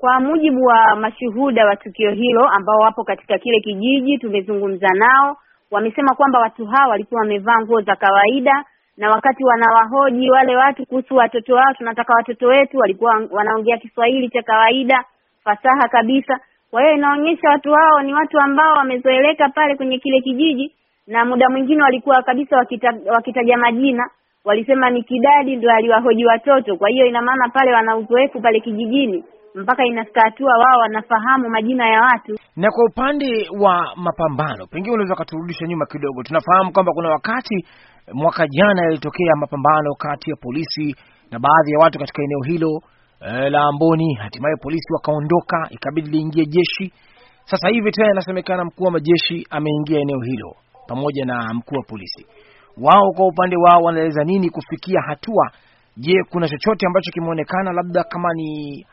Kwa mujibu wa mashuhuda wa tukio hilo ambao wapo katika kile kijiji, tumezungumza nao, wamesema kwamba watu hao walikuwa wamevaa nguo za kawaida, na wakati wanawahoji wale watu kuhusu watoto wao, tunataka watoto wetu, walikuwa wanaongea Kiswahili cha kawaida, fasaha kabisa. Kwa hiyo inaonyesha watu hao ni watu ambao wamezoeleka pale kwenye kile kijiji, na muda mwingine walikuwa kabisa wakita, wakitaja majina, walisema ni Kidadi ndo aliwahoji watoto. Kwa hiyo ina maana pale wana uzoefu pale kijijini mpaka inafika hatua wao wanafahamu majina ya watu. Na kwa upande wa mapambano, pengine unaweza ukaturudisha nyuma kidogo. Tunafahamu kwamba kuna wakati eh, mwaka jana yalitokea mapambano kati ya polisi na baadhi ya watu katika eneo hilo e, la Amboni. Hatimaye polisi wakaondoka, ikabidi liingie jeshi. Sasa hivi tena inasemekana mkuu wa majeshi ameingia eneo hilo pamoja na mkuu wa polisi. Wao kwa upande wao wanaeleza nini kufikia hatua? Je, kuna chochote ambacho kimeonekana labda kama ni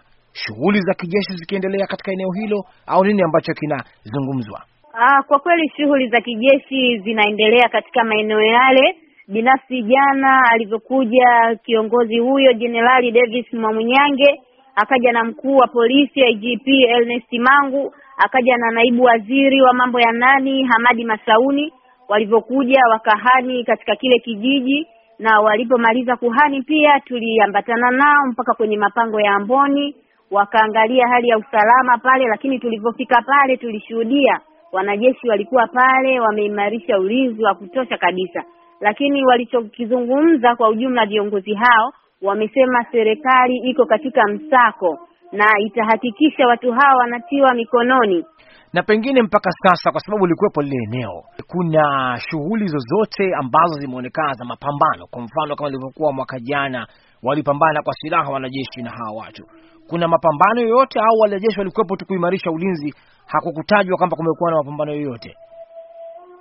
shughuli za kijeshi zikiendelea katika eneo hilo au nini ambacho kinazungumzwa? Ah, kwa kweli shughuli za kijeshi zinaendelea katika maeneo yale. Binafsi jana alivyokuja kiongozi huyo Jenerali Davis Mwamunyange, akaja na mkuu wa polisi IGP Ernest Mangu, akaja na naibu waziri wa mambo ya ndani Hamadi Masauni. Walivyokuja wakahani katika kile kijiji, na walipomaliza kuhani pia tuliambatana nao mpaka kwenye mapango ya Amboni wakaangalia hali ya usalama pale, lakini tulivyofika pale tulishuhudia wanajeshi walikuwa pale wameimarisha ulinzi wa kutosha kabisa, lakini walichokizungumza kwa ujumla viongozi hao wamesema serikali iko katika msako na itahakikisha watu hao wanatiwa mikononi na pengine mpaka sasa, kwa sababu ulikuwepo lile eneo, kuna shughuli zozote ambazo zimeonekana za mapambano? Kwa mfano kama ilivyokuwa mwaka jana, walipambana kwa silaha wanajeshi na hawa watu, kuna mapambano yoyote au wanajeshi walikuwepo tu kuimarisha ulinzi? Hakukutajwa kwamba kumekuwa na mapambano yoyote.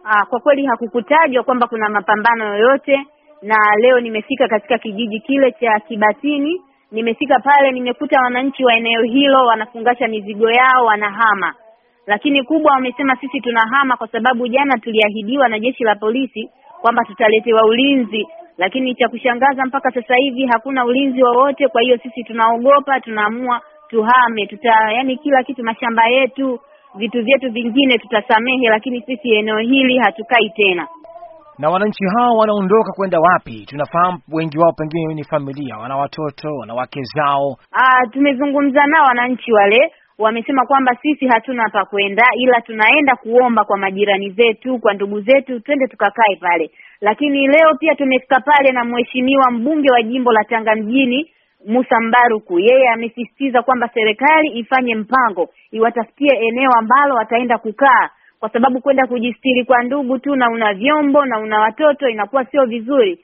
Aa, ah, kwa kweli hakukutajwa kwamba kuna mapambano yoyote, na leo nimefika katika kijiji kile cha Kibatini, nimefika pale, nimekuta wananchi wa eneo hilo wanafungasha mizigo yao, wanahama lakini kubwa wamesema sisi tunahama kwa sababu jana tuliahidiwa na jeshi la polisi kwamba tutaletewa ulinzi, lakini cha kushangaza mpaka sasa hivi hakuna ulinzi wowote. Kwa hiyo sisi tunaogopa, tunaamua tuhame. Tuta yani kila kitu, mashamba yetu, vitu vyetu vingine tutasamehe, lakini sisi eneo hili hatukai tena. Na wananchi hao wanaondoka kwenda wapi? Tunafahamu wengi wao pengine ni familia, wana watoto, wana wake zao. Ah, tumezungumza nao wananchi wale wamesema kwamba sisi hatuna pa kwenda, ila tunaenda kuomba kwa majirani zetu, kwa ndugu zetu, twende tukakae pale. Lakini leo pia tumefika pale na mheshimiwa mbunge wa jimbo la Tanga mjini Musa Mbaruku, yeye amesisitiza kwamba serikali ifanye mpango, iwatafutie eneo ambalo wataenda kukaa, kwa sababu kwenda kujistiri kwa ndugu tu na una vyombo na una watoto inakuwa sio vizuri.